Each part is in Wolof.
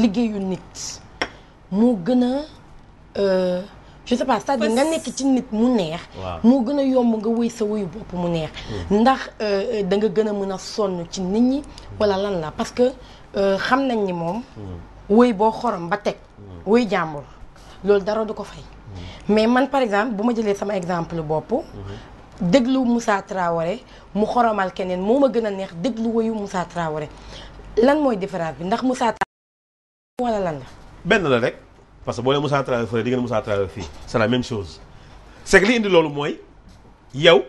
liggéeyu nit moo gën a euh, je sais pas cest nga nekk ci nit mu neex moo gën a yomb nga wëy sa wëyu bopp mu neex hmm. ndax euh, da nga gën a mën a sonn ci nit ñi wala lan la parce que euh, xam nañ ni moom hmm. wëy boo xorom ba teg hmm. wëy jàmbur loolu dara du ko fay mais man par exemple bu ma jëlee sama exemple bopp déglu Moussa Traoré mu xoromal keneen moom ma gën a neex déglu wëyu musa Traoré lan mooy différence bi ndax Moussa wala lan benn la rek parce que boo leen Moussa Traoré fële di ngeen Moussa Traoré fii c'est la même chose c'est que li indi loolu mooy yow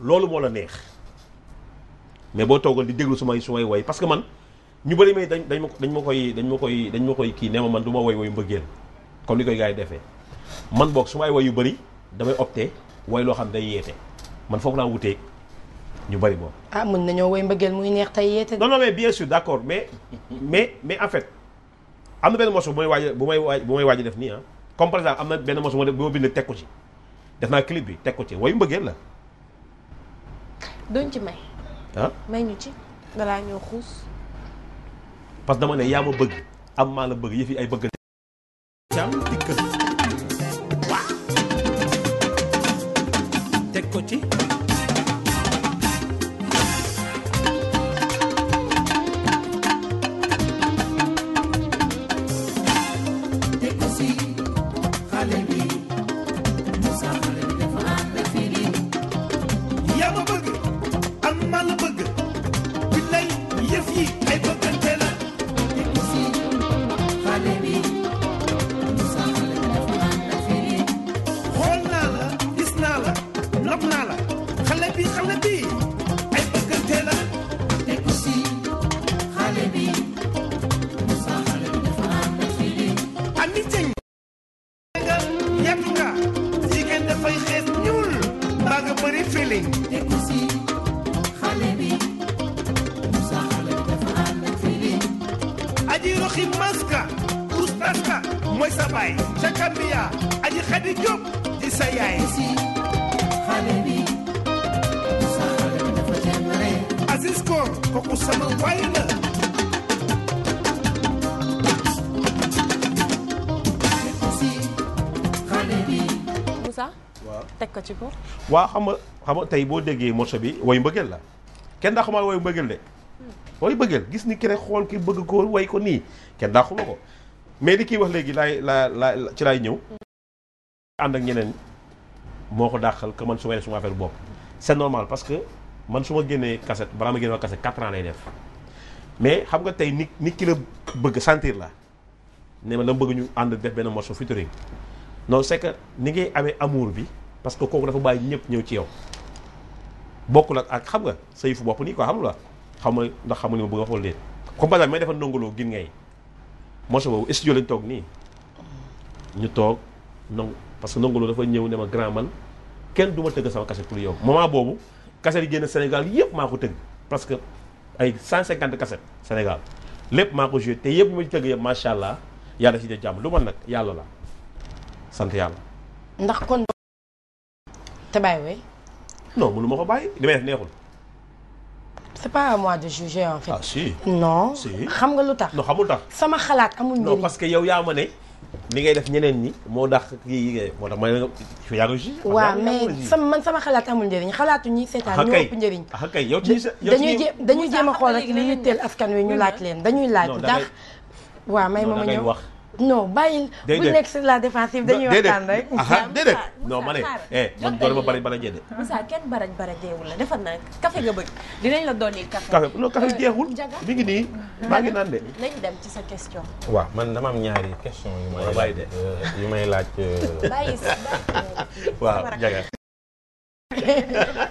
loolu moo la neex mais boo toogoon di déglu sumay sumay way parce que man ñu bëri may dañ dañ ma dañ ma koy dañ ma koy dañ ma koy kii nee ma man du ma way wayu mbëggeel comme ni koy gars yi defee man boog sumay way yu bëri damay opté way loo xam day yeete man foofu laa wutee ñu bari moom. ah mën nañoo way mbëggeel muy neex tey yeete. non non mais bien sûr d'accord mais mais mais en am na benn morceau bu may waaj bu may waaj bu may def nii ah comme am na benn morceau bu ma bind teg ko ci def naa clip bi teg ko ci wayu mbëggeel la. duñ ci may. ah may ñu ci balaa ñoo xuus. parce que dama ne yaa ma bëgg am maa la bëgg yëf yi ay bëgg. bi xam nga bii ay bëggante la te ko si xale bi Moussa xale bi dafa am na fili ami jëng nga yàgg nga jigéen dafay xees ñuul mbaa nga bëri fili te ko si xale bi Moussa xale bi dafa am na fili aji roxi maska oustaz mooy sa baay ca Gambia aji xadi Jóob di sa yaay bu sama waay la teg ko ci ko waaw xam nga xam tey boo déggee morceau bi woy mbëggeel la kenn daa xamaa woy mbëggeel de hmm. woy mbëggeel gis ni ki xool ki bëgg ko woy ko nii kenn daa xuma ko mais li kiy wax léegi laay laa laa ci laay ñëw ànd ak ñeneen moo ko dàqal que man su ma suma affaire bopp c'est normal parce que man su ma génnee kaset balaa ma génne kaset quatre ans lay def mais xam nga tey nit nit ki la bëgg sentir la ne ma la bëgg ñu ànd def benn morceau featuring non c'est que ni ngay amee amour bi parce que kooku dafa bàyyi ñëpp ñëw ci yow bokkul ak ak xam nga sa yëfu bopp nii ko xam la xam nga ndax xam nga li ma bëgg a xool léegi comme par may defal nongoloo gin ngay morceau boobu studio lañ toog nii ñu toog non parce que nongoloo dafa ñëw ne ma grand man kenn du ma tëgg sama kaset pour yow moment boobu. cassette yi génn Sénégal yëpp maa ko teg parce que ay 150 cassette Sénégal lépp maa ko joué te yëpp ma ci tëgg yëpp macha allah yàlla ci def nag yàlla la sant yàlla. ndax kon. te bàyyi wey. non mënu ma ko bàyyi li may def neexul. c'est pas à de juger en fait. ah si non si xam nga lu tax. non xamul tax. sama xalaat amul njëriñ non parce que yow yaa ma li ngay def ñeneen ñi moo tax kii yi moo tax may yaa ngi juge waaw mais sama man sama xalaat amul njëriñ xalaatu ñi seetaan ah, ñoo ëpp njëriñ ah kay yow dañuy jéem dañuy jéem xool rek li yitteel askan wi ñu laaj leen dañuy laaj ndax waaw may ma ma ñëw wax non bàyyil bu nekk sur la défensive dañuy waxtaan rek. déedéet non ma ne. man doole ma bari barajee de. Moussa kenn baraj barajeewul la defar naa nga bëgg dinañ la doon café. café non café jeexul. Eh, mi ngi nii maa ngi naan de. nañ dem ci sa question. waaw man dama am ñaari question yu may. bàyyi de yu may laaj. bàyyi si waaw jaga.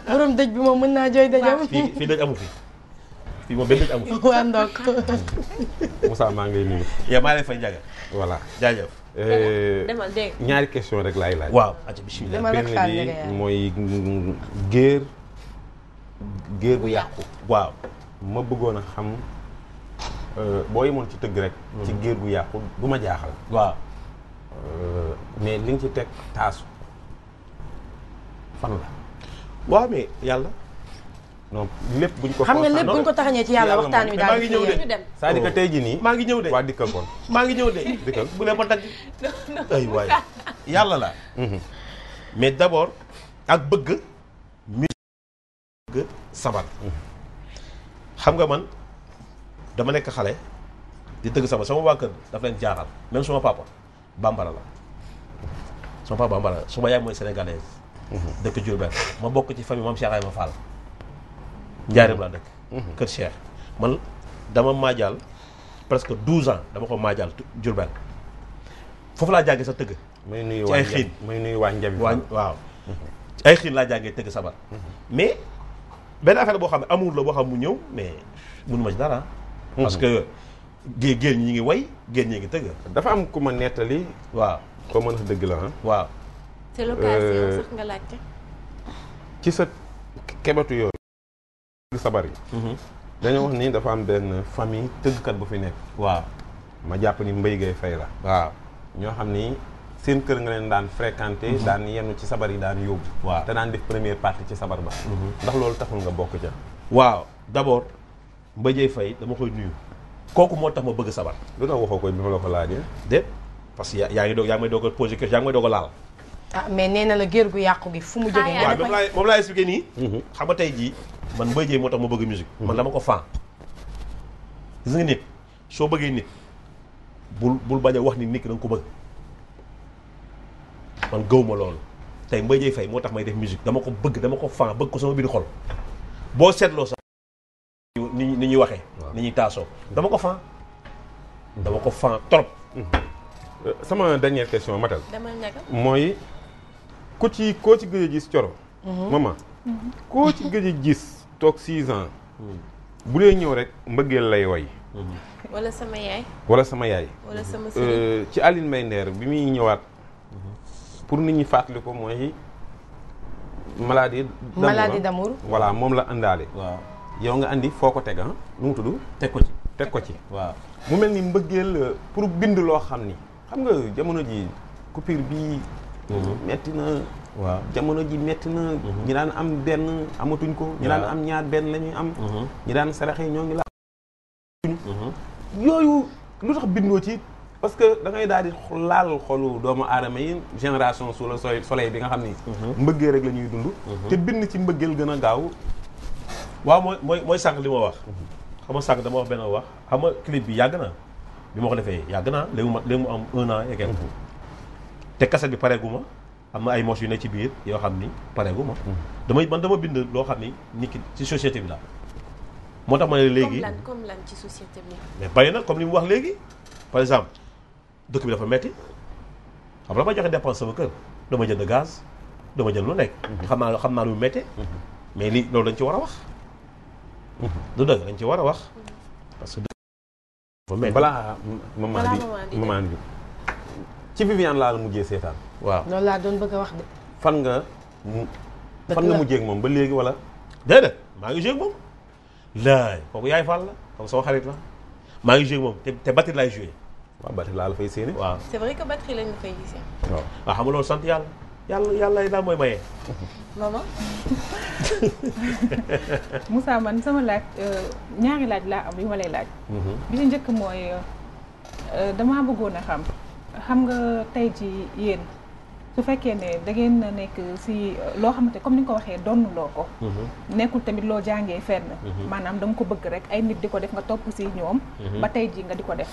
borom dëj bi moom mën naa jooy dajam. fii fii dëj amu fi. fii moom benn nit amul. waa ndokk. Moussa maa ngi lay nuyu. yaa maa lay fay Ndiaga. voilà jaajëf. Euh, demal ñaari question rek laay laaj. waaw ati bisimilah benn bi mooy géer. gu yàqu. waaw ma bëggoon a xam euh, boo yemoon ci tëgg rek. Hmm. ci géer gu yàqu du ma jaaxal. waaw euh, mais li nga ci teg taasu fan la. waaw mais yàlla. non lépp buñ ko xam nga lépp buñ ko taxañee ci yàlla waxtaan wi daal maa ngi ñëw de saa à tey jii nii maa ngi ñëw de waa dikkal kon maa ngi ñëw de dikkal bu lee ma dagg yàlla la mhm. mais d'abord ak bëgg musique sabar mhm. xam nga man dama nekk xale di tëgg sabar sama waa kër daf leen jaaxal même suma papa bambara la suma papa bambara la suma yaay mooy sénégalaise mhm. dëkk Diourbel ma bokk ci famille moom Cheikh Ayma Fall njaareem laa mhm. dëkk kër Cheikh man dama maajaal presque douze ans dama ko maajaal Jurbel foofu laa jàngee sa tëgg ci ay xiin muy nuyu waa Njabi waa waaw mhm. ay xiin laa jàngee tëgg sabar mhm. mais benn affaire boo xam ne amul la boo xam mu ñëw mais mënu ma ci dara parce que gée géen ñi ngi woy géen ñi ngi tëgg dafa am ku ma nettali waaw koo mën a dëgg la ah. waaw euh, ci sa kebetu yooyu sabar yi mhm. dañoo wax ni dafa am benn famille tëggkat bu fi nekk waa ma jàpp ni mbay gay fay la waaw ñoo xam ni seen kër nga leen daan fréquenté mhm. daan yenn ci sabar yi daan yóbbu waaw te daan def première partie ci sabar ba mhm. ndax loolu taxul nga bokk ca waaw d'abord mbay gay fey dama koy nuyu kooku moo tax ma bëgg sabar lu tax waxoo ko bi ma la ko laajee déet parce yaa ngi doog yaa ngi may doog a posé yaa ngi may doog laal ah mais nee na la gér gu yàqu gi fu mu jógee. waaw moom laa moom laa expliqué nii. Mhm. xam tey jii man Mbaye Dieye moo tax ma bëgg musique man dama ko faa. gis nga soo bëggee nit bul bul bañ a wax ni nit ki nga ko bëgg man gëw ma tey Mbaye Dieye moo tax may def musique dama ko bëgg dama ko faa bëgg ko sama biir xol boo seetloo sax. ni ñuy waxee. ni ñuy taasoo dama ko faa. dama ko faa trop. Mhm. Euh, sama dernière question Matal. mooy. ku ci koo ci gëj a gis coro mhm. maman mhm. koo ci gëj a gis toog six ans bu dee ñëw rek mbëggeel lay woy mhm. wala sama yaay wala sama yaay wala sama euh, ci Aline Mbaye Nder bi muy ñëwaat pour nit ñi fàttali ko mooy maladie d'amour maladie d'amour moom la àndaale waaw yow nga andi foo ko teg ah nu mu tudd teg ko ci teg ko ci waaw mu mel ni mbëggeel euh, pour bind loo xam ni xam nga jamono ji coupure bii Mhm. metti na waaw jamono ji metti na mhm. ñi daan am benn amatuñ ko ñi daan am ñaar benn la ñuy am mhm. ñi daan yi ñoo ngi la yooyu lu tax bindoo ci parce que da ngay daal di laal xolu doomu aadama yi génération sous le soleil bi nga xam ni mbëggee rek la ñuy dund te bind ci mbëggeel gën a gaaw waaw mooy mooy mooy sànq li ma wax xam nga sànq dama wax benn wax xam nga clip bi yàgg na bi ma ko defee yàgg na léegi mu léegi mu am un an et te kaset bi pare gu am na ay moches yu ne ci biir yoo xam ni pare ma. Mm. damay man dama bind loo xam ni nit ki ci société bi la moo tax ma ne léegi comme lan comme lan ci société bi. mais comme li mu wax léegi par exemple dëkk bi dafa metti xam la ma joxe dépense sama kër dama jënd gaz dama jënd lu nekk. Mm-hmm. xam naa xam naa lu méttee. Mm-hmm. mais lii loolu dañ ci war a wax. Mm-hmm. du dëgg dañ ci war a wax parce que. balaa maman bi maman bi. ci Viviane laa la mujjee seetaan. waaw loolu laa doon bëgg a wax de. fan nga mu fan moom ba léegi wala. déedéet maa ngi joué ak moom. laay kooku yaay Fall la kooku soo xarit la maa ngi joué moom te te batterie laay joué. waaw batterie laa la fay séenee. waaw c'est vrai que batterie lañ fay gisee. waaw waaw ah, xam loolu sant yàlla yàlla yàlla daal mooy maye. maman Moussa man sama laaj euh, ñaari laaj laa am yu ma lay laaj. Mhm. bi ci njëkk mooy euh, euh, damaa bëggoon a xam. xam nga tey ji yéen su fekkee ne da ngeen nekk si euh, loo xamante comme ni nga ko waxee loo ko. Mhm. nekkul tamit loo jàngee fenn. Mhm. maanaam da ko bëgg rek ay nit di ko def nga topp si ñoom. Mhm. ba tey ji nga di ko def.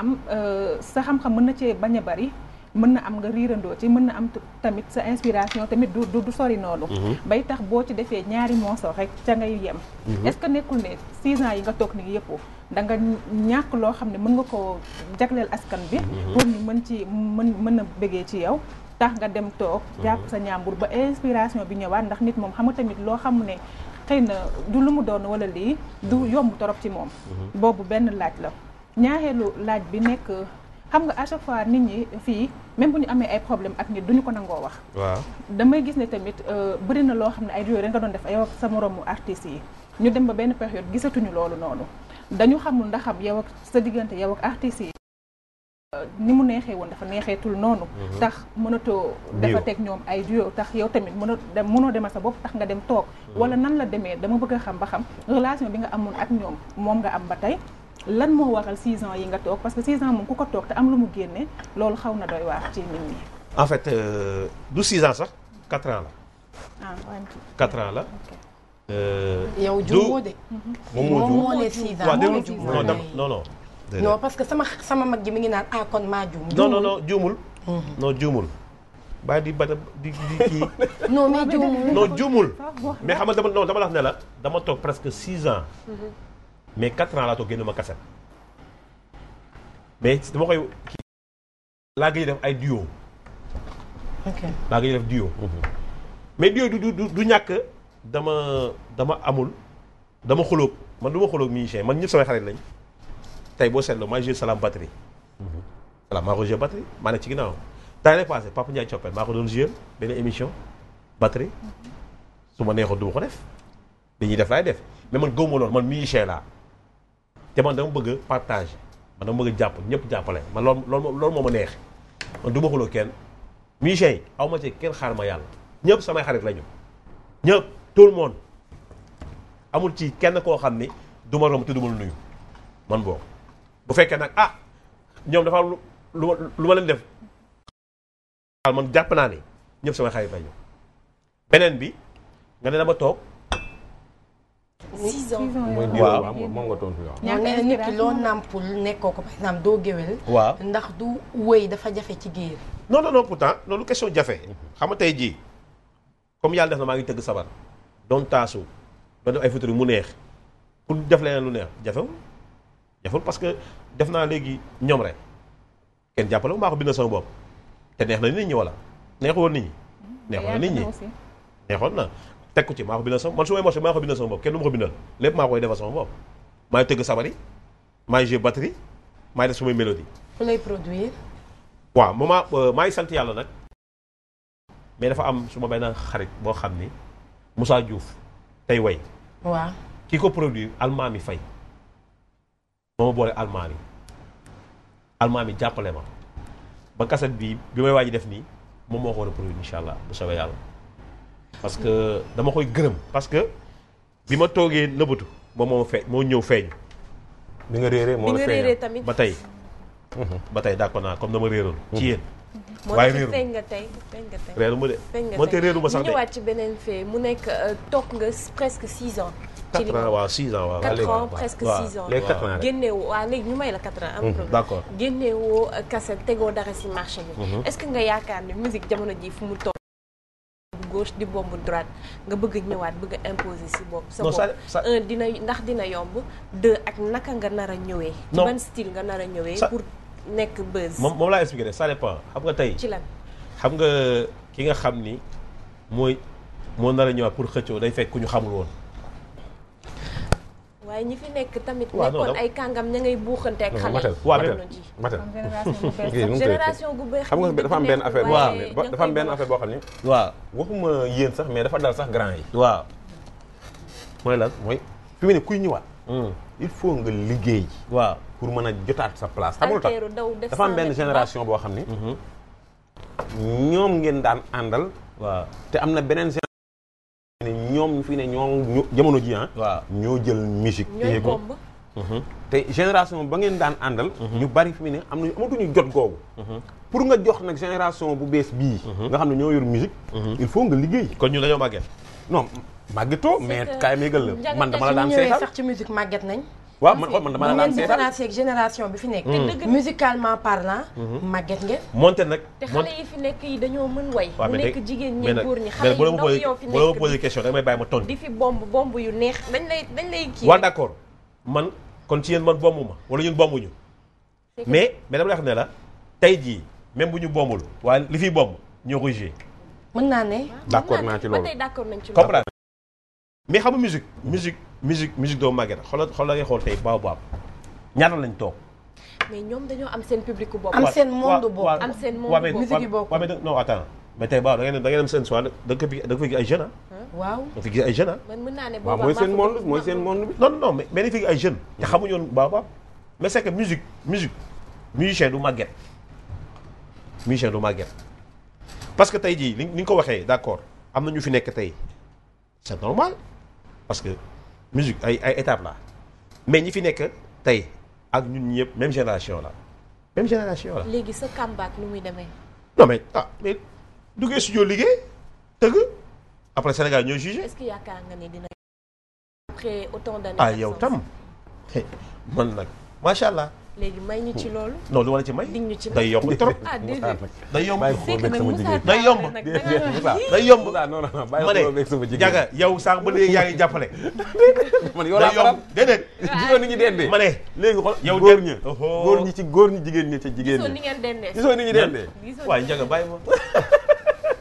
am euh, sa xam-xam mën na cee bañ a bari. mën na am nga riirandoo ci mën na am tamit sa inspiration tamit du du sori noonu. Mhm. bay tax boo ci defee ñaari morceau rek ca ngay yem. Mhm. est-ce que nekkul ne six ans yi nga toog nii yëpp da nga ñàkk loo xam ne mën nga koo jagleel askan bi. Mhm. pour mën ci mën mën a bëggee ci yow. tax nga dem toog jàpp sa ñaambur ba inspiration bi ñëwaat ndax nit moom xam nga tamit loo xam ne xëy na du lu mu doon wala lii du yomb torop ci moom boobu benn laaj la ñaareelu laaj bi nekk xam nga à chaque fois nit ñi fii même bu ñu amee ay problème ak nit duñu ko nangoo wax. waaw damay gis ne tamit euh, bëri na loo xam ne ay yooyu rek nga doon def yow sa moroomu artistes yi ñu dem ba benn période gisatuñu loolu noonu dañu xamul ndax am yow ak sa diggante yow ak artistes yi. ni mu neexee woon dafa neexeetul noonu. Mhm. tax mënatoo dafa teg ñoom ay duo tax yow tamit mënoo dem mënoo demal sa bopp tax nga dem toog. Mhm. wala nan la demee dama bëgg a xam ba xam relation bi nga amoon ak ñoom moom nga am ba tey. lan moo waral 6 ans yi nga toog parce que 6 ans moom ku ko toog te am lu mu génne loolu xaw na doy waar ci nit ñi. en fait euh, du 6 ans sax 4 la. ah la. Euh, yow juumoo mm-hmm. moo parce que sama sama mag ji mi ngi naan ah kon maa juumul. non juumul. Mm-hmm. baa di ba di di kii. non mais juumul non juumul. mais xam nga dama non dama dama toog presque 6 ans. Mm-hmm. mais 4 ans laa toog génn ma kaset mais dama koy kii laa gëj def ay duo. ok laa gëj def duo. mais du du du ñàkk dama dama amul dama xulóog man lu ma xulóog musicien man ñëpp samay xarit lañ tey boo seetloo maa joué Salam Batterie. voilà maa ko joué Batterie maa nekk ci ginnaaw daa lay passé Papa Ndiaye Coppel maa ko doon joué benn émission Batterie su ma neexoon du ko def dañuy def laay def mais man gëmuma loolu man musicien laa. te man dama bëgg partage man dama bëgg a jàpp ñëpp jàppale man loolu loolu loolu moo ma neex man du ma xuloo kenn musiciens yi aw ma ci kenn xaar ñëpp samay xarit la ñu le monde amul ci kenn koo xam ni du ma romb te du ma nuyu man boobu bu fekkee nag ah ñoom dafa am lu ma lu ma leen def man jàpp naa ni ñëpp samay xarit la beneen bi nga ne dama toog 6 ans waaw moom nga tontu waaw nee na nit ki loo nekkoo ko par doo géwél waaw ndax du wëy dafa jafe ci géer non non loolu question jafe xam nga tey jii comme yàlla def maa ngi tëgg sabar doon taasu doon ay futuri mu neex pour def leneen lu neex jafewul jafewul parce que def naa léegi ñoom rek kenn jàppale maa ko bind sama bopp te neex na nit ñi wala neexoon nit na teg ko ci maa ko bindal sama man su may marché maa ko bindal sama bopp kenn du ma ko bindal lépp maa koy defal sama bopp maay tëgg sabar yi maay joué batterie maay def sumay mélodie. ku lay produire. waaw moment euh, maa ngi sant yàlla nag mais dafa am su ma benn xarit boo xam ni Moussa Diouf tey way. waaw ki ko produire almaami fay moo ma boole almaami almaami jàppale ma ba kaset bii bi may waaj def nii moom moo ko war a produire incha allah bu soobee yàlla. parce que dama koy gërëm parce que bi ma toogee nëbbatu moom moo feeñ moo ñëw feeñ. bi nga réeree moo la feeñal tamit ba tey. Mhm. ba tey d'accord naa comme dama réeroon ci yéen. Mhm. waaye nga tey feeñ nga tey. réeru ma de sax de ñëwaat beneen fee mu nekk euh, toog nga presque 6 ans. ci li 4 ans waaw 6 ans waaw. 4 ans presque 6 ans léegi 4 léegi ñu may la 4 ans. am mhm. d'accord génneewoo kaset euh, tegoo dara si marché bi. est nga yaakaar ne musique jamono ji fu mu toll gauche di bomb droite nga bëgg ñëwaat bëgg a imposer si bopp sa bopp un dina ndax dina yomb deux ak naka nga nar a ñëwee no ban style nga nar a ñëwee pour nekk buzz moom moom laa expliqué ça dépend xam nga tey ci lan xam nga ki nga xam ni mooy moo nar a ñëwaat pour xëccoo day fekk ku ñu xamul woon waaye ñi fi nekk tamit. waaw nekkoon ay kàngam ña ngay buuxante ak xale. waaw matal matal génération gu bees xam nga dafa am benn affaire. waaw dafa am benn boo xam ne. waaw waxuma yéen sax mais dafa dal sax grand yi. waaw mooy lan mooy fi kuy ñëwaat. Hmm. il faut nga liggéey. waaw pour mën a jotaat sa place. xam nga lu tax dafa am benn génération boo xam ni. Hmm. ñoom ngeen daan àndal. waaw te am na beneen ñoom ñu fi ne ñoo jamono ji ah, waaw ñoo jël musique. téye ko mhm. te génération ba ngeen daan àndal. Mhm. ñu bari fi mu ne am nañu amatuñu jot googu. Mhm. pour nga jox nag génération bu bees bii. nga xam ne ñoo yor musique. il faut nga liggéey. kon ñu dañoo màgget. non màggetoo mais kaay méegal la man dama la daan seetal ci musique màgget nañ. waaw man man dama naan seetaan ngeen génération bi fi nekk. Hmm. te dëgg musicalement parlant. Hmm. màgget ngeen. monte nag te xale yi fi nekk yi dañoo mën way. mu nekk jigéen ñi góor ñi xale yi ndaw yow fi boo ma posé question damay bàyyi ma tontu. di fi bomb bomb yu neex dañ lay dañ lay kii. waaw d'accord man kon ci yéen man bombu ma wala ñun bombuñu. mais mais dama lay wax ne la tey jii même bu ñu bombul waaye li fi bomb ñoo koy joué. mën naa ne. d'accord naa ci loolu mais xam nga musique musique musique doo màgget xoolal xoolal ngay xool tey Baobab ñaata lañ toog. mais ñoom dañoo am seen public bu bopp. am seen monde bopp am seen monde bopp musique yi bopp. waaw mais non attends mais tey Baobab da ngeen da ngeen dem seen soirée da nga fa gis ay jeunes ah. waaw da nga fa gis ay jeunes ah. man mën naa ne Baobab mooy seen monde mooy seen monde bi. non non mais mais dañu fi gis ay jeunes. te xamuñu woon Baobab mais c'est que musique musique musicien du màgget musicien du màgget parce que tey jii ni nga ko waxee d'accord am na ñu fi nekk tey c'est normal parce que. musique ay ay étape la mais ñi fi nekk tey ak ñun ñëpp même génération la même génération la. léegi sa comeback muy demee. non mais ah mais duggee studio liggéey tëgg après Sénégal ñoo jugé. est nga ni dina. après autant d'années. ah yow tam man nag macha allah. léegi may ñu ci hmm. loolu. non lu wala ci may. dig ñu ci day yomb trop. ah déedéet day yomb. day yomb day yomb. non non non bàyyi ko beeg sama jigéen ma ne jaga yow sànq ba léegi yaa ngi jàppale. man yow laa faral déedéet. jigéen ñi dendee ma ne. léegi xool yow góor ñi góor ñi ci góor ñi jigéen ñi ci jigéen ñi. gisoo ni ngeen dendee. gisoo ni ñu dendee. waaye jaga bàyyi ma.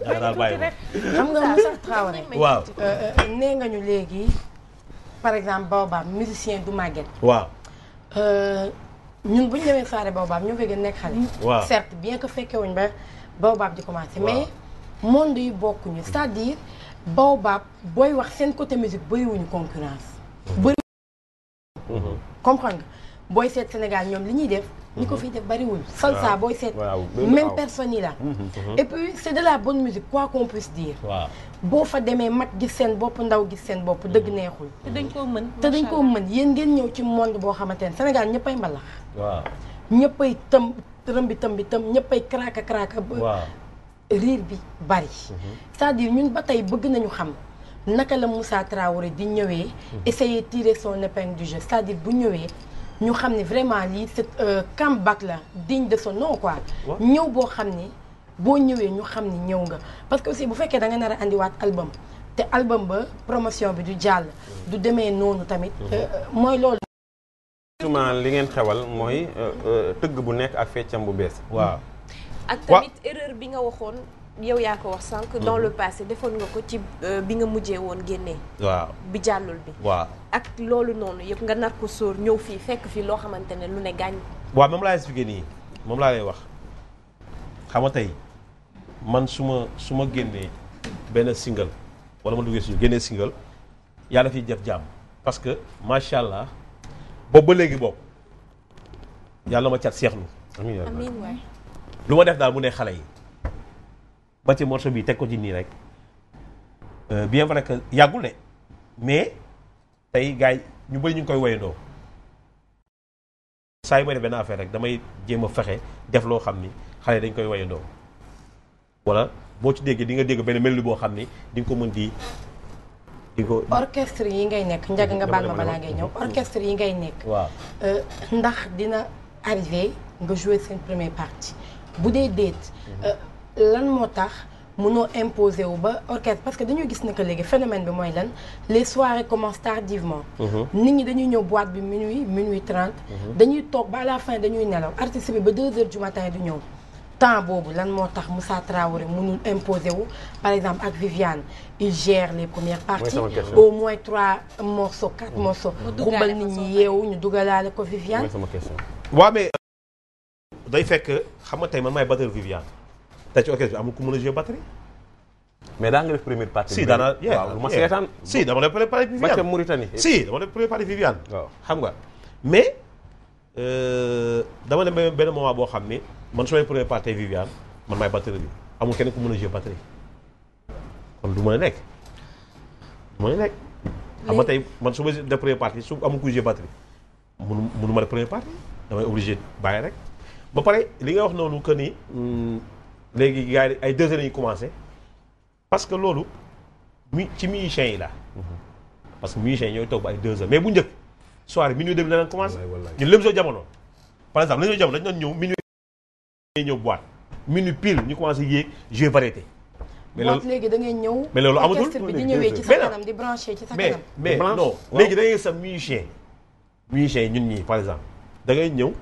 jaga daal bàyyi ma. xam nga Moussa Traoré. waaw eh, nee nga ñu léegi par exemple baobab musicien du màgget. waaw euh, ñun bu ñu demee soirée baobab ñoo fay gën nekk xale. waaw certes bien que fekke wuñ ba baobab di commencé. mais monde yi bokkuñu c'est-à-dire baobab booy wax seen côté musique bëriwuñu concurrence. bëri mhm. comprendre booy seet Sénégal ñoom li ñuy def. ñi ko mhm. fiy def bariwul salsa booy seet même personne yi la mhm. et puis c'est de la bonne musique quoi qu'on puisse dire boo fa demee mag gis seen bopp ndaw gis seen bopp dëgg neexul te dañ koo mën te dañ koo mën yéen ngeen ñëw ci monde boo xamante ne Sénégal ñëppay mbalax waaw ñëppay tam rëmbi tam bi tam ñëppay craaka craaka ba riir bi bari mhm. cest à ñun ba tey bëgg nañu xam naka la Moussa Traoré di ñëwee mhm. essayer tirer son épingle du jeu cest à bu ñëwee ñu xam ne vraiment lii c'est euh, comeback la diñ de son nom quoi ñëw boo xam ne boo ñëwee ñu xam ne ñëw nga parce que aussi bu fekkee da nga nar a andiwaat album te album ba promotion bi du jàll mhm. du demee noonu tamit euh, mooy loolu justement li ngeen xewal mooy euh, euh, tëgg bu nekk ak feccam bu bees. waaw ak bi nga waxoon yow yaa ko wax sànq. dans mhm. le defoon ko ci euh, bi nga mujjee woon génnee. waaw bi jàllul bi. ak loolu noonu yëpp nga nar ko sóor ñëw fii fekk fii loo xamante ne lu ne gaañ. waaw moom laa expliqué moom laa wax xam nga tey man suma ma su ma génnee benn single walla ma duggee suñu génnee single yàlla fi def jàmm parce macha allah. boobu ba léegi boobu yàlla ma cat seexlu amiin waay lu ma def daal mu ne xale yi ba ci morceau bi teg ko ci nii rek euh, bien vrai que yàggul ne mais tey gars yi ñu bëri ñu ngi koy woyandoo saa yi may def benn affaire rek damay jéem a fexe def loo xam ni xale dañ koy woyandoo wala boo ci déggee di nga dégg benn mel ni boo xam ni di ko mën di di orchestre yi ngay nekk njag nga baal ma balaa ngay ñëw orchestre yi ngay nekk. waaw ndax dina arrivé nga jouer seen première partie bu dee déet. Mmh. Euh, lan moo tax mënoo imposer wu ba orchestre parce que dañuy gis ne que léegi phénomène bi mooy lan les soirées commencent tardivement. Mmh. nit ñi dañuy ñëw boîte bi minuit minuit trent mmh. dañuy toog ba à la fin dañuy nelaw artiste bi ba deux heures du matin du ñëw. temps boobu lan moo tax Moussa Traoré mënul imposer wu par exemple ak Viviane il gère les premières parties au moins trois morceaux quatre mmh. morceaux xumbal nit ñi yeewu ñu dugalaale ko Viviane waaw mais euh, day fekk xam nga tey man maay batteur Viviane tey ci orchestre bi amul ku mën a jouer batterie mais daa nga def première partie. si daanaka waaw lu ma seetaan. si dama def première partie Viviane ba ca Mauritanie. si dama def première partie Viviane. waaw xam nga mais euh, dama dem benn moment boo xam ni. man su may premier parti Viviane man maay batterie bi amul kenn ku mën a jouer batterie kon du mën a nekk du mën a nekk. xam nga tey man su ma def premier parti su amul ku jouer batterie mënu mënu ma def premier parti damay obligé bàyyi rek ba pare li nga wax noonu que ni hmm, léegi gars yi ay deux heures yi commencé parce que loolu mi ci musiciens yi la mm-hmm. parce que musiciens yi ñooy toog ay deux heures mais bu njëkk soirée minuit demi danañ commencé ñun lëm jamono ngay ñëw boîte minute pile ñu commencé yéeg jeu variété. mais léegi da ngay ñëw. mais loolu amatul bi di ñëwee ci sa kanam ci sa mais mais non léegi da ngay sa musicien. ñun ñii par exemple da ñëw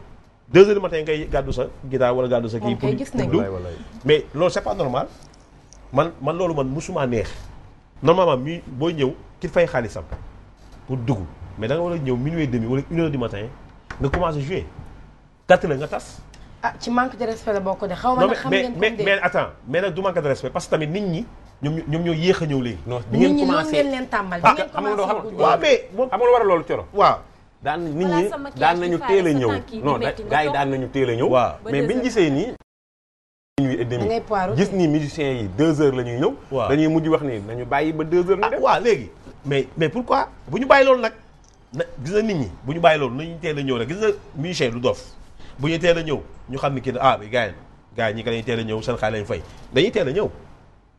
deux heures du matin ngay gàddu sa guitare wala gàddu sa kii. pour mais loolu c'est pas man man loolu man musuma neex normalement mi booy ñëw ki fay xaalisam pour dugg mais da nga war a ñëw minuit demi wala une heure du matin nga commencé jouer gàtt la nga tas. ah ci manque de respect la bokk de xaw ma nag xam ngeen mais mais attends mais nag du manque de respect parce que tamit nit ñi ñoom ñoom ñoo yéex a ñëw léegi noonu bi ngeen ah, commencé waaw mais war a loolu coro waaw daan nit ñi daan nañu teel a ñëw non daan nañu teel a ñëw waaw mais biñ gisee nii minuit et gis nii musiciens yi deux heures la ñuy ñëw dañuy mujj wax ni nañu bàyyi ba deux heures ñu ah, def waaw léegi mais mais pourquoi bu ñu bàyyi loolu nag na gis na nit ñi bu ñu bàyyi loolu nañu teel a ñëw rek gis na musicien dof bu ñuy teel a ñëw ñu xam ni kii ah bi gars yi gars ñi ka dañuy teel a ñëw seen xaalis lañ fay dañuy teel a ñëw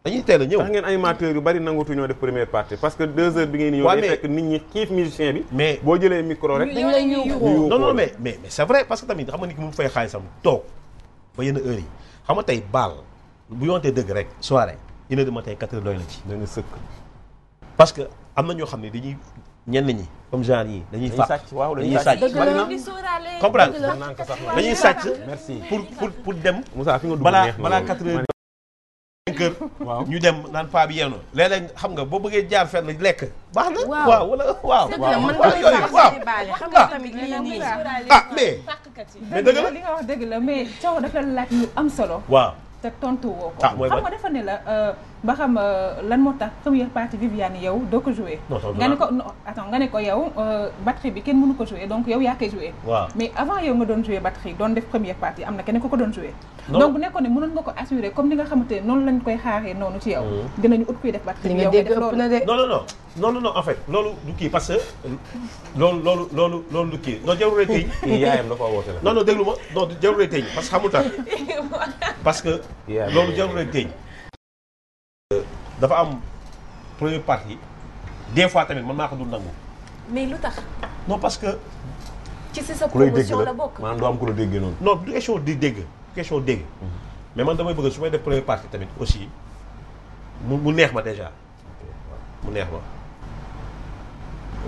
dañuy teel a ñëw tax ngeen animateurs yu bari nangutu ñoo def première partie parce que deux heures bi ngeen ñëw nit ñi xiif musicien bi mais boo jëlee micro rek dañ lay mais mais c'est vrai parce que tamit xam nit ki mu fay xaalisam toog ba yenn heures yi xam nga tey baal bu yontee dëgg rek soirée une heure du quatre heures doy sëkk parce que am na ñoo xam ne dañuy ñenn ñi comme genre yi dañuy sàcc waaw dañuy sàcc comprendre dañuy sàcc pour pour pour dem balaa balaa quatre heures kër ñu dem naan paa bi yeenu xam nga boo bëggee jaar fenn lekk baax na waaw wala waaw yooyu waaw ah. ah mais mais dëgg la li nga wax dëgg la mais coow dafa laaj am solo waaw te tontu woo ko ah, xam nga ne la euh, ba xam euh, lan moo tax première partie Viviane yow doo ko joué. nga ne ko nga ne ko yow euh, batterie bi kenn mënu ko joué donc yow yaa koy joué. waaw mais avant yow nga doon joué batterie doon def première partie am na keneen ko ko doon joué. noonu lañ koy xaaree noonu ci yow. Mm-hmm. dinañu ut kuy def batterie bi yow nga def loolu non parce que loolu loolu loolu loolu du kii non jarul tey. yaayam la. non non déglu ma non jarul tey parce que xamul tax parce que. loolu dafa am première partie des fois tamit mën naa ko dul nangu. mais lu tax. non parce que. ci si sa promotion la bokk maanaam doo am ku la déggee noonu. non du question di dégg question dégg. Mhm. mais man damay bëgg su may def première partie tamit aussi mu mu neex ma déjà mu neex ma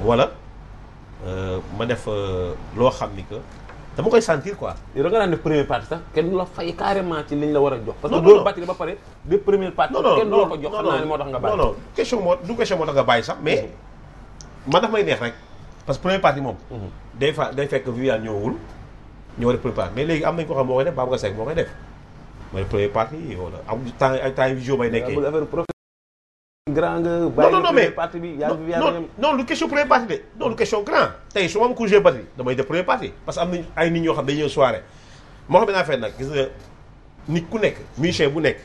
walla euh, ma def euh, loo xam ni que. dama koy sentir quoi. yow da nga daan def première partie sax kenn du la fay carrément ci liñ la war a jox. parce que doo battre ba pare def première partie. kenn du la ko jox xam naa ne moo tax nga bàyyi. non non question moo du question moo tax nga bàyyi sax mais mm-hmm. man daf may neex rek parce que première partie moom. Mm-hmm. day fa day fekk Viviane ñëwul ñëw def première partie mais léegi am nañ ko xam moo koy def Babacar Seck moo koy def mooy première partie wala am temps ay temps yu jour bay nekkee. grand nga. bàyyi non non mais parti bi lu question premier parti de non lu question grand tey su ma am couche parti damay def premier parti parce que am nañu ay nit ñoo xam dañuy ñëw soirée moo xam ne affaire ku nekk musicien bu nekk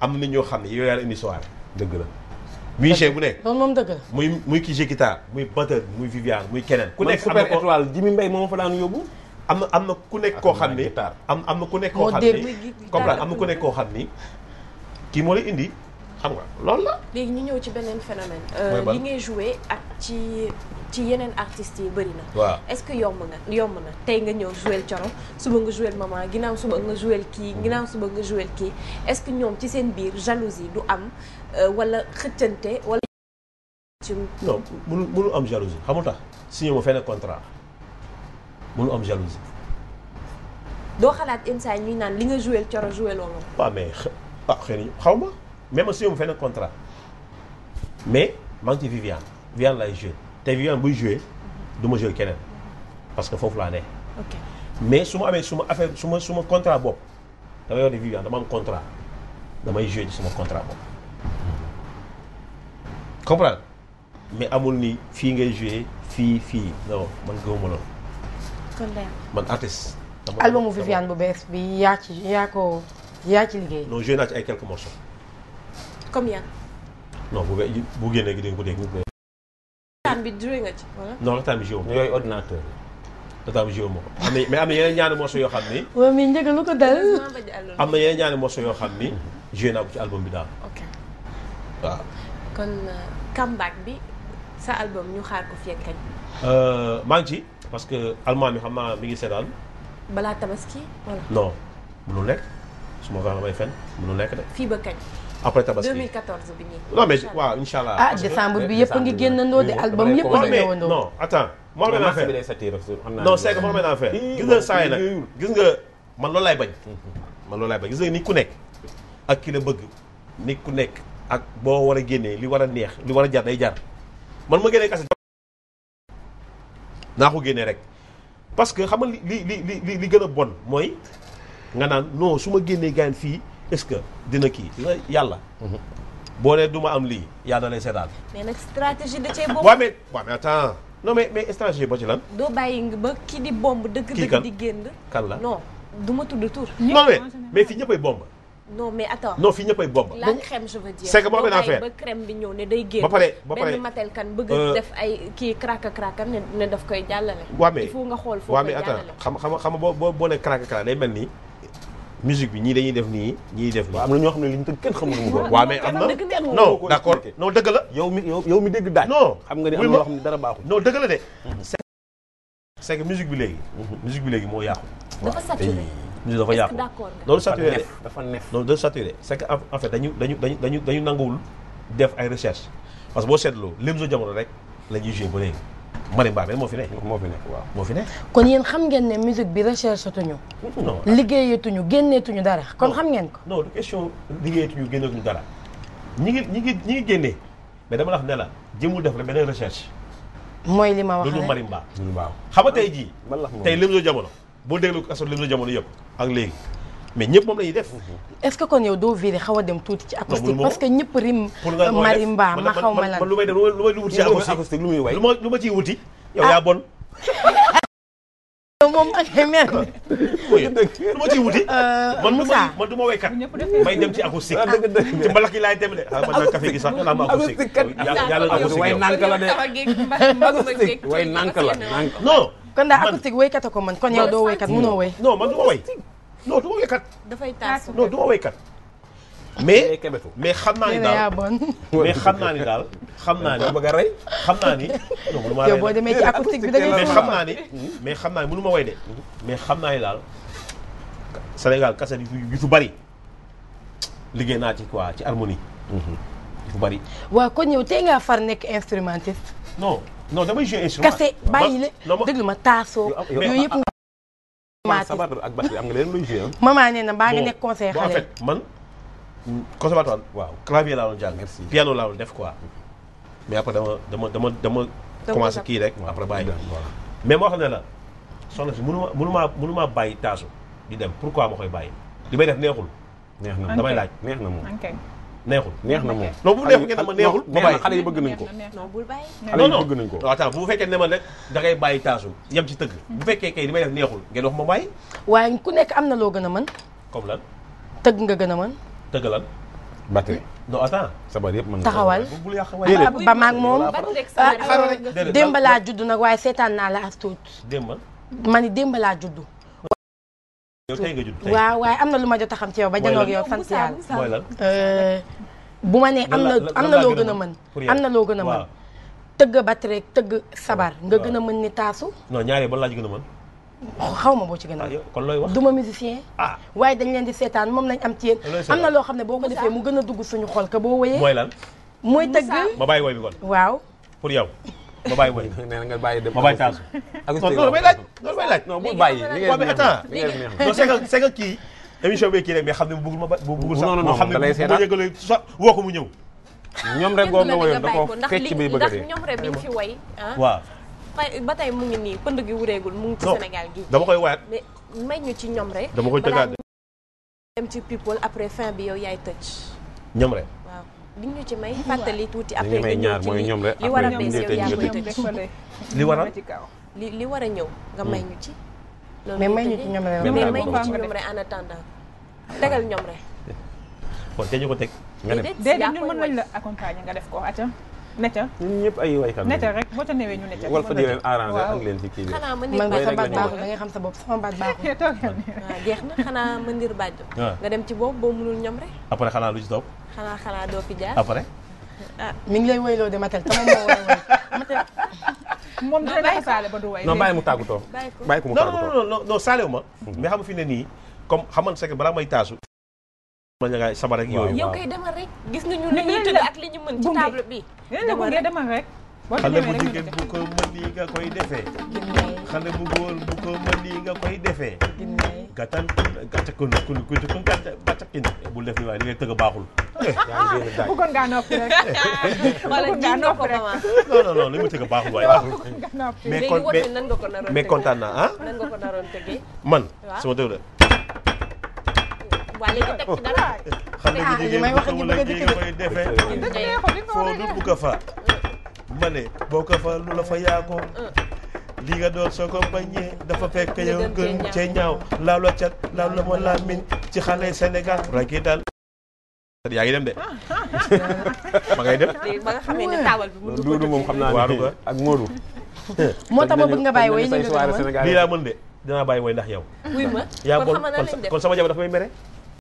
am na ñoo xam ne yow yaa la indi soirée dëgg la. musicien bu nekk loolu moom muy muy ki guitare muy batteur muy Viviane muy keneen. ku nekk am na ko super étoile Jimi Mbaye moo fa daan yóbbu. am na ku nekk koo xam ni am am na ku nekk koo xam ni comprendre am na ku nekk koo xam ni kii moo la indi xam nga loolu la. léegi ñu ñëw ci beneen phénomène. Euh, li ngay joué ak ci ci yeneen artistes yi bëri na. waaw est-ce que yomb nga yomb na tey nga ñëw joué Thioro suba nga joué maman ginnaaw suba nga joué kii ginnaaw suba nga joué kii est-ce que ñoom ci seen biir jalousie du am euh, wala xëccante wala. non mënu mënu am jalousie xam nga tax signé ma fenn contrat mënu am jalousie. doo xalaat instant ñuy naan li nga joué Thioro joué loo moom. waaw mais xa ah xaw ma. même si mu fenn contrat mais maa ngi ci Viviane Viviane lay joué te Viviane buy joué du ma joué keneen parce que foofu laa ne. mais su ma amee su ma affaire su ma contrat bopp damay wax ne Viviane dama am contrat damay joué ci suma contrat bopp. comprendre mais amul ni fii ngay joué fii fii non man gëwuma loolu. kon man artiste. albumu Viviane bu bees bi yaa ci yaa ko yaa ci liggéey. non joué naa ci ay quelques morceaux. comme yan. non bu génnee bi joué yoo xam ni. waaw mais yoo xam ni. joué album bi daal. ok waaw. kon euh, comeback bi sa album ñu xaar ko fii ak kañ. Euh, maa ci parce que almaam yi xam naa mi ngi seetaan. balaa tabaski wala. non mënul nekk su ma ko may fen mënul nekk de. après tabaski 2014 bi nii. non mais waaw incha allah. ah décembre bi yëpp ngi génnandoo de album yëpp a ñëwandoo. non attends moo mel affaire non c'est que moo mel affaire gis nga saa yi nag gis nga man loolu laay bañ. man loolu laay bañ gis nga nit ku nekk ak ki la bëgg nit ku nekk ak boo war a génnee li war a neex li war a jar day jar man ma génnee kase naa ko génnee rek parce que xam nga li li li li li gën a bon mooy nga naan non su ma génnee gaan fii. est-ce que dina kii yàlla. boolee duma am lii yàlla lay seetaan. mais nag stratégie da cee bokk. waaw mais waaw mais attends non mais mais stratégie ba ci nga ba kii di bomb dëgg-dëgg di génn. kan la non du ma tudd tur. non mais mais fii ñëppay bomb. non mais attends non fii ñëppay bomb. la crème je veux dire c'est que boo ñëw ne day génn. ba pare ba pare benn matel kan bëgg euh. def ay kii kraka kraka ne ne koy jàllale. waaw mais il faut nga xool foo koy jàllale. waaw mais xam xam xam boo boo boo nee kraka kraka day mel nii. musique bi ñii dañuy def nii ñii def nii. waaw am na ñoo xam ne li ñu te kenn xamul mu ko. waaw mais am na non d'accord non dëgg la. yow mi yow mi dégg daaj. non xam nga ne am na loo xam ne dara baaxul. noo dëgg la de. Mhm. c'est que bi léegi. Mhm. musique bi léegi moo yàqu. dafa saturé musique dafa yàqu loolu saturé de dafa neef loolu dafa saturé c'est que en fait dañu dañu dañu dañu nanguwul def ay recherche parce que boo seetloo lim sa jamono rek la ñuy joué ba léegi Mari Mbaye moo fi moo fi ne waaw moo fi ne. kon yéen xam ngeen ne musique bi recherche tuñu. non liggéeyatuñu génneetuñu dara. kon xam ngeen ko. non du question liggéeyatuñu génneetuñu dara ñi ngi ñi ngi ñi ngi génne mais dama la wax ne la jëmul def la beneen recherche. mooy li ma wax loolu Mari Mbaye. waaw xam nga tey jii. man la xam nga tey jamono boo déglu ko asoon jamono yëpp ak léegi. mais ñëpp moom la ñuy def. est-ce que kon yow doo viré xaw a dem tuuti ci acoustique parce que ñëpp rim. marimba ma xaw ma lan lu may def lu may wut ci acoustique lu muy way lu ma lu ma ciy wuti. yow ah. yaa bon. moom ak mer. lu ma ciy wuti. Euh, man mu ma man du ma waykat may dem ci acoustique. Ah, ci mbalax gi laay dem de. ah man café gi sax yàlla am acoustique. yàlla am acoustique way nànk la de. acoustique way nànk la non. kon daal acoustique waykat a ko man kon yow doo waykat mënoo way. non man du ma way. non dafay taas non du ma wéykat. mais xam naa ni daal mais xam naa ni daal xam naa ni bëgg xam naa ni. yow boo demee ci eh, acoustique bi da ngay mais xam naa ni ma way de. mais xam naa ni daal Sénégal kaset yu fi bari liggéey naa ci quoi ci harmonie. Mhm. yu fi bari. waaw kon yow tey ngaa far nekk instrumentiste. non non damay instrument. kase bàyyi la déglu ma taasoo yooyu yëpp. maman sabaar ak batterie am nga leen luy joué ah. maman nee na mbaa nga nekk conseil xale. en fait man conservatoire waaw clavier laa doon jàng. piano laa doon def quoi. mais après dama dama dama dama. commencé kii rek après bàyyi. mais moo xam ne la soxna si mënuma mënuma mënuma bàyyi taasu di dem pourquoi ma koy bàyyi. li may def neexul. neex na damay laaj neex na moom. neexul neex na moom non bu neexul ngeen ma neexul ba bàyyi xale yi bëgg nañ ko xale yi bëgg nañ ko attends bu fekkee ne ma rek da ngay bàyyi taasum yem ci tëgg bu fekkee kay li may def neexul ngeen wax ma bàyyi waaye ku nekk am na loo gën a man comme lan tëgg nga gën a mën tëgg lan batterie a attends sabar yëpp mën taxawal ba maag moom demba laa judd nag waaye seetaan naa la as tuut démb ma ni démb laa judd yow tey nga judd waaw waaye am na lu ma jot a xam ci yow ba janoog yow sant yàlla euh, bu ma nee am na am na loo gën a mën am na loo gën a mën tëgg bat rek tëgg sabar nga gën a mën ni taasu non ñaaree ba laa ci gën xaw ma boo ci gën a ah, mën kon looy wax du ma musicien ah waaye dañ leen di seetaan moom lañ am ci yéen am na loo xam ne boo ko defee mu gën a dugg suñu xol ka boo wëyee mooy lan mooy tëgg ma bàyyi woy bi kon waaw pour yow ma bàyyi woy nee na nga bàyyi dem ma bàyyi taasu non loolu may laaj loolu may laaj non bu bàyyi kii émission bi kii rek mais xam ne bu bëggul ma ba bu bëggul sax non non xam ne bu ko mu ñëw ñoom rek boo nga woyoon bëgg a dee ndax ñoom rek bi ñu fi way ah? waaw tey mu ngi nii pënd gi wureegul mu ngi ci Sénégal gi dama koy wayaat may ñu ci ñoom rek dama koy tëggaat dem ci people après fin bi yow yaay tëj ñoom rek di ñu ci may fàttali tuuti après may ñaar mooy ñoom rek li war a bees yow yaa koy tëj li war a li war a ñëw nga may ñu ci hmm. mais may ñu ci ñoom rek mais may ñu ci ñoom rek en attendant tegal ñoom rek bon te ñu ko teg nga def déedéet ñun mën nañ la accompagner nga def ko atam neta ñun ñëpp ay waykat neta rek boo ta newee ñu neta wal fa diwee arrangé ak leen ci kii bi xanaa xam sa bopp sama baat baaxul ba waaw jeex na xanaa mëndir bàjjo nga dem ci boobu boo mënul ñam rek après xanaa lu ci topp xanaa xanaa doo fi jaar après ah mi ngi lay woyloo de matel te moom moo woy matel moom dina ba du way non mu tàggatoo bàyyi ko mu tàggatoo non non non ma mhm. mais xam fi ne nii comme xaman c'est que balaa may taasu bañ a sabar ak yooyu. yow demal rek gis nga ñun li ak li mën ci table bi. demal rek demal rek. xale bu jigéen bu ko mën yi nga koy defee. xale bu góor bu ko nga koy defee. gàttal gàttal kon kon kon gàttal bul def ni waaye li ngay tëgg baaxul. bëggoon ngaa noppi rek. wala ji noppi rek tëgg baaxul waaye. mais kon kontaan naa ah. man sama dëgg waa léegi teg ci dara. xam la ji nga koy defee. foo du fa. ma ne boo fa lu la fa yaakoo. Mm. li nga doon soo ko bañee dafa fekk yow gën ca ñaaw la cat laaw la ma laamin ci xale Sénégal ragi yaa ngi dem de ma ngay dem ba nga xamee ne taawal bi mu dugg moom xam naa ne ak Modou moo tax ma bëgg nga bàyyi way lii laa mën de dinaa bàyyi way ndax yow kon sama jabar dafa may mere